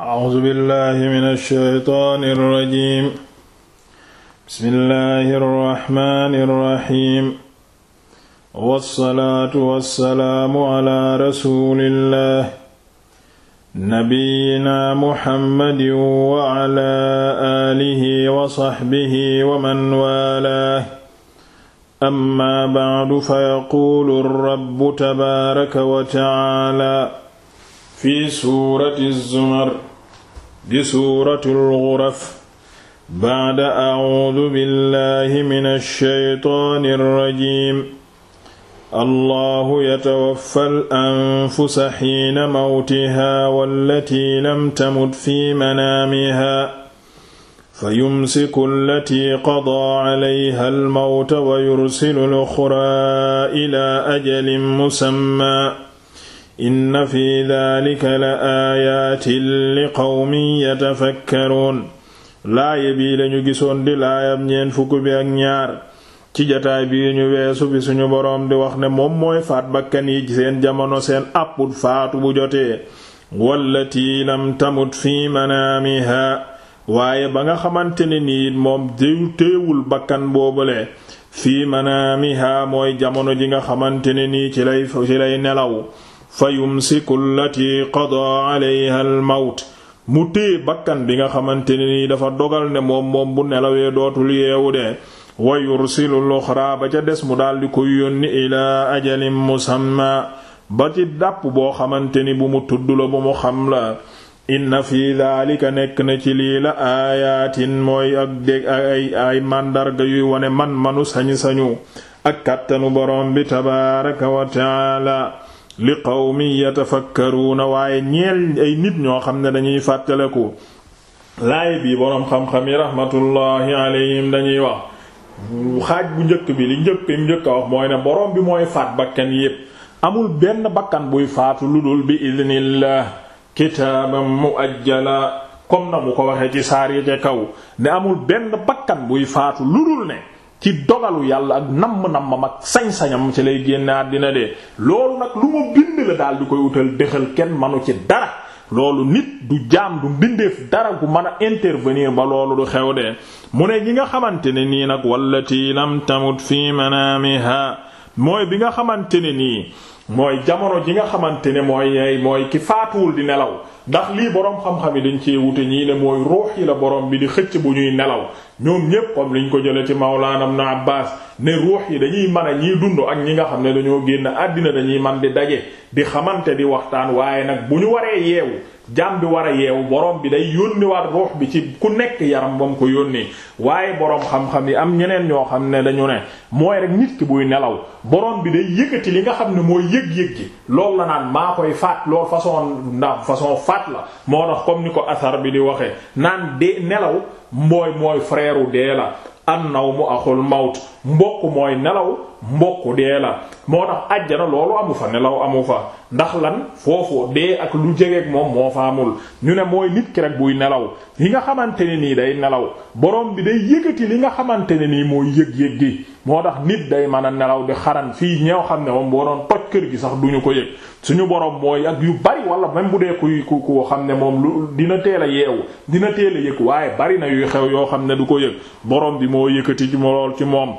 A'uuzu billaahi mina shaytaani rajiim. Bismillaahi rahmaani rahiim. Wassalaatu wassalaamu alaa rasuulillaahi. Nabiyyinaa Muhammadin wa alaa aalihi wa sahbihi wa man waalaahu. Ammaa ba'du fayaquulu rabbu tabaaraka wa ta'aalaa fi suurati zumar. di suuratul ghuraf ba'da a'uudu billahi minash shaytaanir rajiim allahu yatawaffa al-anfusa xiina mawtihaa wallatii lam tamut fi manaamihaa fa yumsiku allatii qadaa calayha almawta wa yursilu al-uxraa ilaa ajalin musammaa inna fi daalika la aayaatin li qawmin yatafakkaruun laaya bii lañu gisoon di laayab ñeent fukk bi ak ñaar ci jataay bii ñu weesu bi suñu boroom di wax ne moom mooy faat bakkan yi seen jamono seen àpput faatu bu jotee wallati lam tamut fi manaamiha waaye ba nga xamante ne nii moom déw téewul bakkan boobale fii manaamiha mooy jamono ji nga xamante ne nii ci lay nelaw fa yumsiku allati qadaa alayha almawt mu téye bakkan bi nga xamante ne dafa dogal ne moom moom bu nelawee dootul yeewu de wa yursilu luxra ba ca des mu daldi koy yónni ilaa ajalin musamma ba ci dàpp boo xamante ni bu mu tudd la bu mu xam la inna fi daalika nekk na ci lii la aayaatin mooy ak dég ay màndarga yuy wone man-manu sañ-sañu ak kàttanu boroom bi tabaaraka wa taala li qawmin yatafakkaruuna waaye ñeel ay nit ñoo xam ne dañuy fàttaleku laay bii boroom xam-xam yi rahmatullahi alayhim dañuy wax xaaj bu njëkk bi li njëkk yi njëkk a wax mooy ne boroom bi mooy faat bakkan yépp amul benn bakkan buy faatu lu dul bi idnillah kitaaban muajjala comme na mu ko waxee ci saar kaw ne amul benn bakkan buy faatu lu dul ne ci dogalu yàlla ak namm-nammam ak sañ ci lay génne àddina de loolu nag lu mu bind la daal di koy utal dëxal kenn manu ci dara loolu nit du jaam du mbindeef dara gu mën a intervenir ba loolu du xew de mu ne ñi nga xamante ne nii nag wallati lam tamut fi manamiha mooy bi nga xamante ne nii mooy jamono ji nga xamante ne mooy mooy ki faatuwul di nelaw ndax lii boroom xam-xam yi dañ cee wute ñii ne mooy ruux la boroom bi di xëcc bu ñuy nelaw ñoom ñépp comme liñ ko jëlee ci Mawlaana Ibn Abbaas ne ruux yi dañuy man a ñii dund ak ñi nga xam ne dañoo génn àddina dañuy man di daje di xamante di waxtaan waaye nag bu ñu waree yeewu jaam bi war a yeewu borom bi day yónniwaat ruux bi ci ku nekk yaram ba mu ko yónni waaye borom xam-xam yi am ñeneen ñoo xam ne dañu ne mooy rek nit ki buy nelaw borom bi day yëkkati li nga xam ne mooy yëg-yëg gi loolu la naan maa koy faat loolu façon ndax façon faat la comme ni ko asar bi di waxee naan de nelaw. mooy mooy frère u dee la an naw mu axul mawt mbokk mooy nelaw mbokk dee la moo tax àjjana loolu amu fa nelaw amu fa ndax lan foofu dee ak lu jegeeg moom moo fa amul ñu ne mooy nit ki rek buy nelaw yi nga xamante ne nii day nelaw borom bi day yëgati li nga xamante ne nii mooy yëg-yëg gi moo tax nit day mën a nelaw di xaran fii ñeew xam ne moom boo doon toj kër gi sax duñu ko yëg suñu borom mooy ak yu bari wala même bu dee kuy ku koo xam ne moom lu dina teel a yeewu dina teel a yëg waaye bari na yuy xew yoo xam ne du ko yëg borom bi moo yëkkati ci lool ci moom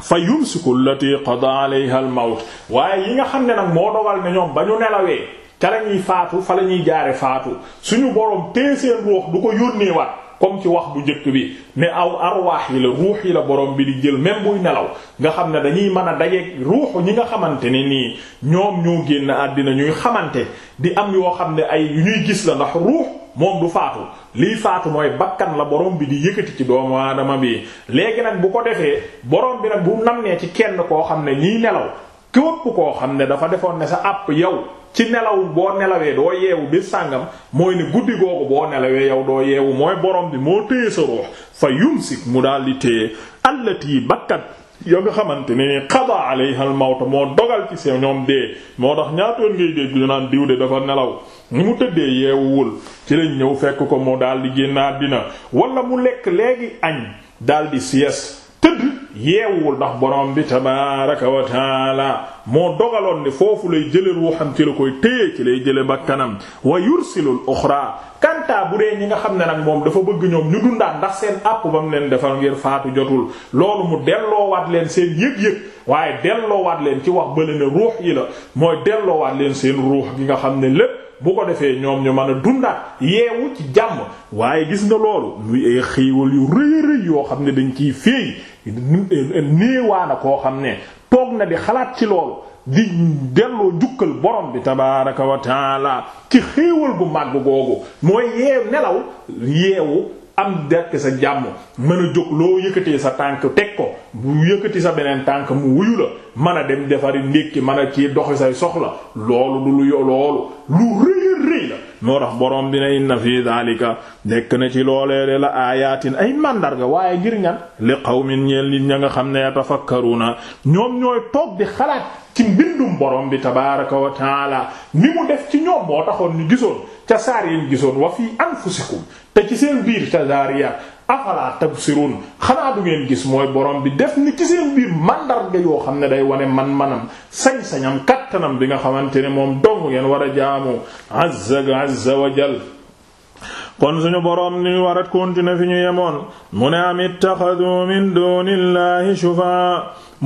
fa yumsiku allati qada alayha al mawt waaye yi nga xam ne nag moo dogal ne ñoom ba ñu nelawee ca la ñuy faatu fa la ñuy jaare faatu suñu borom tee seen ruux du ko yónnee wat comme ci wax bu njëkk bi ne aw arwaax yi la ruux yi la borom bi di jël même buy nelaw nga xam ne dañuy mën a dajeeg ruuxu ñi nga xamante ne nii ñoom ñoo génn àddina ñuy xamante di am yoo xam ne ay yu ñuy gis la ndax ruux moom du faatu lii faatu mooy bakkan la borom bi di yëkkati ci doomu aadama bi léegi nag bu ko defee borom bi nag bu namnee ci kenn koo xam ne ñiy nelaw képp koo xam ne dafa defoon ne sa àpp yow ci nelaw boo nelawee doo yeewu bi sàngam mooy ne guddi googu boo nelawee yow doo yeewu mooy borom bi moo téye sa ruux fa yumsik mu daal di téye allati bakkan yoo nga xamante ne ni qada alayha al mawt moo dogal ci seen ñoom dee moo tax ñaatoon ngay dégg ñu naan diw de dafa nelaw ñu mu tëddee yeewuwul ci lañ ñëw fekk ko moo daal di génn àddina wala mu lekk léegi añ daal di sieste tëdd yeewul ndax borom bi tabaaraka wa taala moo dogaloon ni foofu lay jële ruuxam ci la koy téye ci lay jële kanam wa yursilul uxra kantaa bu dee ñi nga xam ne nag moom dafa bëgg ñoom ñu dundaat ndax seen àpp ba mu leen defal ngir faatu jotul loolu mu delloo waat leen seen yëg-yëg waaye delloo waat leen ci wax bële ne ruux yi la mooy delloowaat leen seen ruux gi nga xam ne lépp bu ko defee ñoom ñu mën a dundaat yeewu ci jàmm waaye gis nga loolu luy yu rëy rëy yoo xam ne dañ ciy féey néewaana koo xam ne toog na di xalaat ci loolu di delloo njukkal borom bi tabaaraka wa ki ci xéewal bu màgg googu mooy yeew nelaw yeewu am dekk sa jàmm mën a jóg loo yëkkatee sa tànk teg ko bu yëkkati sa beneen tànk mu wuyu la mën a dem defari ndékki mën a kii doxi say soxla loolu du lu yo loolu lu rëy moo tax borom bi ne inna fi daalika nekk na ci loolee de la aayaatin ay mandarga waaye ngir le li qawmin ñeel nit ña nga xam ne yatafakkaruna ñoom ñooy toog di xalaat ci mbindum borom bi tabaaraka wa taala ni mu def ci ñoom moo taxoon ñu gisoon ca saar yi gisoon wa fi anfusikum te ci seen biir ca zaariya afala tabsirun xanaa du ngeen gis mooy boroom bi def ni ci seen biir mandarga yoo xam ne day wane man-manam sañ-sañam kattanam bi nga xamante ne moom dong ngeen war a jaamu azza azza wa jal kon suñu boroom ni war a continuer fi ñu yemoon mu ne am ittaxadu min dunillahi shufa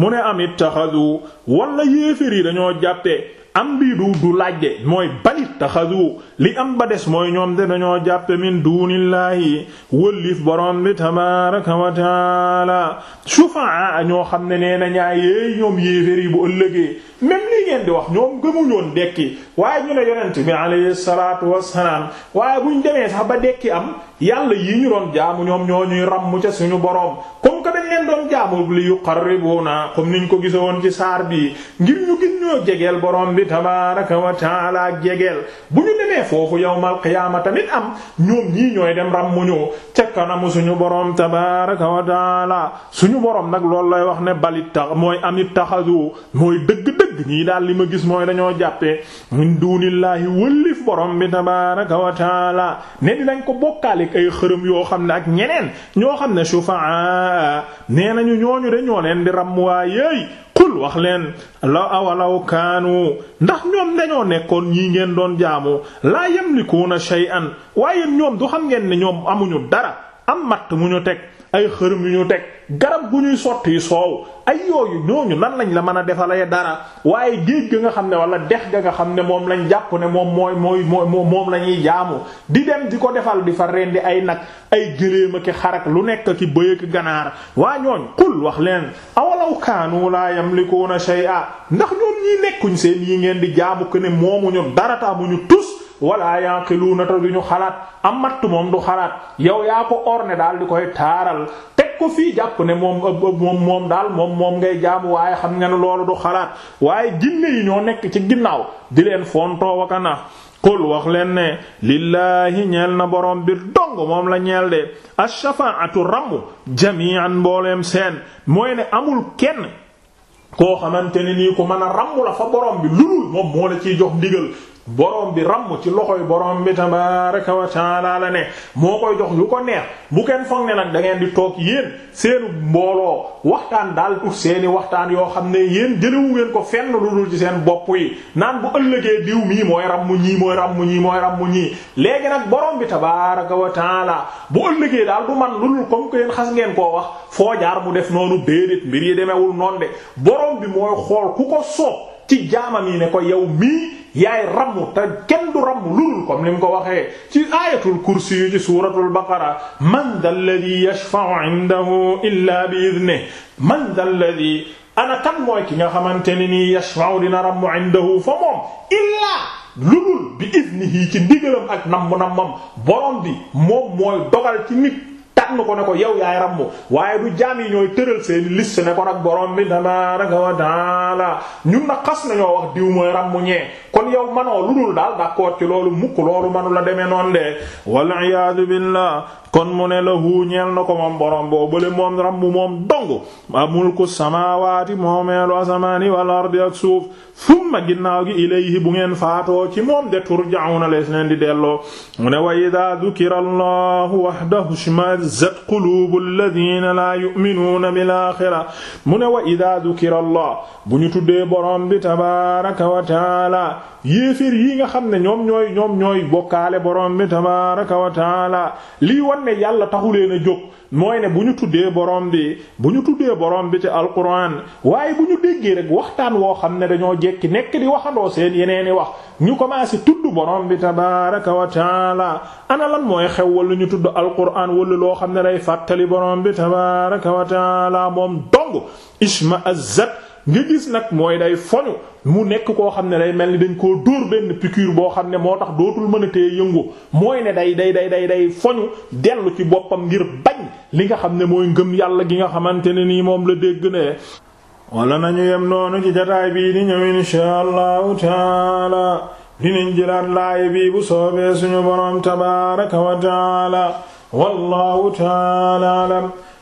mu ne am ittaxadu wala yéefér dañoo jàppe am bii du du laajde mooy balit taxadu li am ba des mooy ñoom de dañoo jàppe min dunillahi wëllif borom bi tabaraka wa taala sufaa ñoo xam ne nee na ñaayéey ñoom yéefér yi bu ëllëgee même lii ngeen di wax ñoom gëmuñoon dekki waaye ñu ne yonent bi alayhi salaatu wassalaam waaye buñ demee sax ba dekki am yàlla yi ñu doon jaamu ñoom ñoo ñuy ràmm ca suñu boroom lañ leen doon jaamu li yuqarribuna comme niñ ko gisa woon ci saar bii ngir ñu gën ñoo jegeel borom bi tabaraka wa taala jegeel bu ñu demee foofu yawmal qiyaama tamit am ñoom ñii ñooy dem ràmmuñu ca kanamu suñu borom tabaraka wa taala suñu borom nag loolu lay wax ne balit tax mooy amit taxadu mooy dëgg-dëgg ñii daal li ma gis mooy dañoo jàppee min duunillaahi wëllif borom bi tabaraka wa taala ne dinañ ko bokkaalik ay xërëm yoo xam ne ak ñeneen ñoo xam ne shufa'a nee nañu ñooñu de ñoo leen di ram waa yéey qul wax leen la awalaw kaanu ndax ñoom dañoo nekkoon ñii ngeen doon jaamu laa yamlikuuna an waaye ñoom du xam ngeen ne ñoom amuñu dara am matt mu ñu teg ay xërëm yu ñu teg garab gu ñuy sotti soow ay yooyu ñooñu nan lañ la mën a defalee dara waaye géej ga nga xam ne wala dex ga nga xam ne moom lañ jàpp ne moom mooy mooy moom la ñuy jaamu di dem di ko defal di fa rendi ay nag ay gëléem ak xarak lu nekk ki bëy ak ganaar waa ñooñ xul wax leen awalaw kaanu laa yamlikuuna shay'a ndax ñoom ñi nekkuñ seen yi ngeen di jaamu ko ne moomuñu dara ta tus wala yanqiluuna te duñu xalaat am matt moom du xalaat yow yaa ko orne daal di koy taaral teg ko fii jàpp ne moom moom moom daal moom moom ngay jaamu waaye xam nga ne loolu du xalaat waaye jinne yi ñoo nekk ci ginnaaw di leen fontoo waka na qul wax leen ne lillaahi ñeel na borom bi dong moom la ñeel de ash-shafaa'atu ramu jami'an mbooleem seen mooy ne amul kenn koo xamante ni nii ko mën a rammu la fa borom bi lulul moom moo la ciy jox ndigal borom bi ramm ci loxoy borom bi tabaraka wa taala la ne moo koy jox lu ko neex bu kenn foog ne nag da ngeen di toog yéen seenu mbooloo waxtaan daal pour seeni waxtaan yoo xam ne yéen jëlewu ngeen ko fenn lu dul ci seen bopp yi naan bu ëllëgee diw mii mooy ramm ñii mooy ramm ñii mooy ramm ñii léegi nag borom bi tabaraka wa taala bu ëllëgee daal du man lu dul comme que yéen xas ngeen koo wax foo jaar mu def noonu déedéet mbir yi demewul noonu de borom bi mooy xool ku ko soob ci jaamam yi ne ko yow mii yaay ramu ta kenn du ramu lul comme ni mu ko waxee ci ayatul kursi yu ci suuratul baqara man dal ladhi yashfa'u 'indahu bi idnihi man dal ladhi ana kan mooy ki nga xamante ne nii yashfa'u dina ramu 'indahu fa moom illa lulul bi idnihi ci ndigalam ak nammu nammam borom moom mooy dogal ci nit tànn ko ne ko yow yaay rammu waaye du jaam yi ñooy tëral seen liste ne ko nag borom bi tabaaraka wa taala ñun na xas nañoo wax diw mooy rammu ñee kon yow manoo lu dul daal d'accord ci loolu mukk loolu manu la demee noonu de wal iyaadu billah kon mu ne lahu ñeel na ko moom borom boobule moom rabb moom dong mulku samaawaati moomeelu asamaani wal ardi ak suuf summa ginnaaw gi ilayhi bu ngeen faatoo ci moom de turja'una lees leen di delloo mu ne wa idaa dukira allahu wahdahu shmazzat qulubu alladhina laa yu'minuuna bil aaxira ne wa idaa dukira allah bu ñu tuddee borom bi tabaaraka wa taala yéefir yi nga xam ne ñoom ñooy ñoom ñooy bokkaale borom bi tabaaraka wa taala lii wan xam ne yàlla taxuleen a jóg mooy ne bu ñu tuddee borom bi bu ñu tuddee boroom bi ci alquran waaye bu ñu déggee rek waxtaan woo xam ne dañoo jekki nekk di waxandoo seen yeneen yeneeni wax ñu commencé tudd boroom bi tabaraka wa taala ana lan mooy xew wala ñu tudd alquran wala loo xam ne day fàttali borom bi tabaraka wa taala moom dong isma azzat nga gis nag mooy day foñu mu nekk koo xam ne day mel ni dañ koo dóor benn piqûre boo xam ne moo tax dootul mën a yëngu mooy ne day day day day day foñu dellu ci boppam ngir bañ li nga xam ne mooy ngëm yàlla gi nga xamante ne nii moom la dégg ne wala nañu yem noonu ci jataay bii di ñëw insha allahu taala dinañ jëlaat laay bii bu soobee suñu boroom tabaraka wa taala wallahu taala alam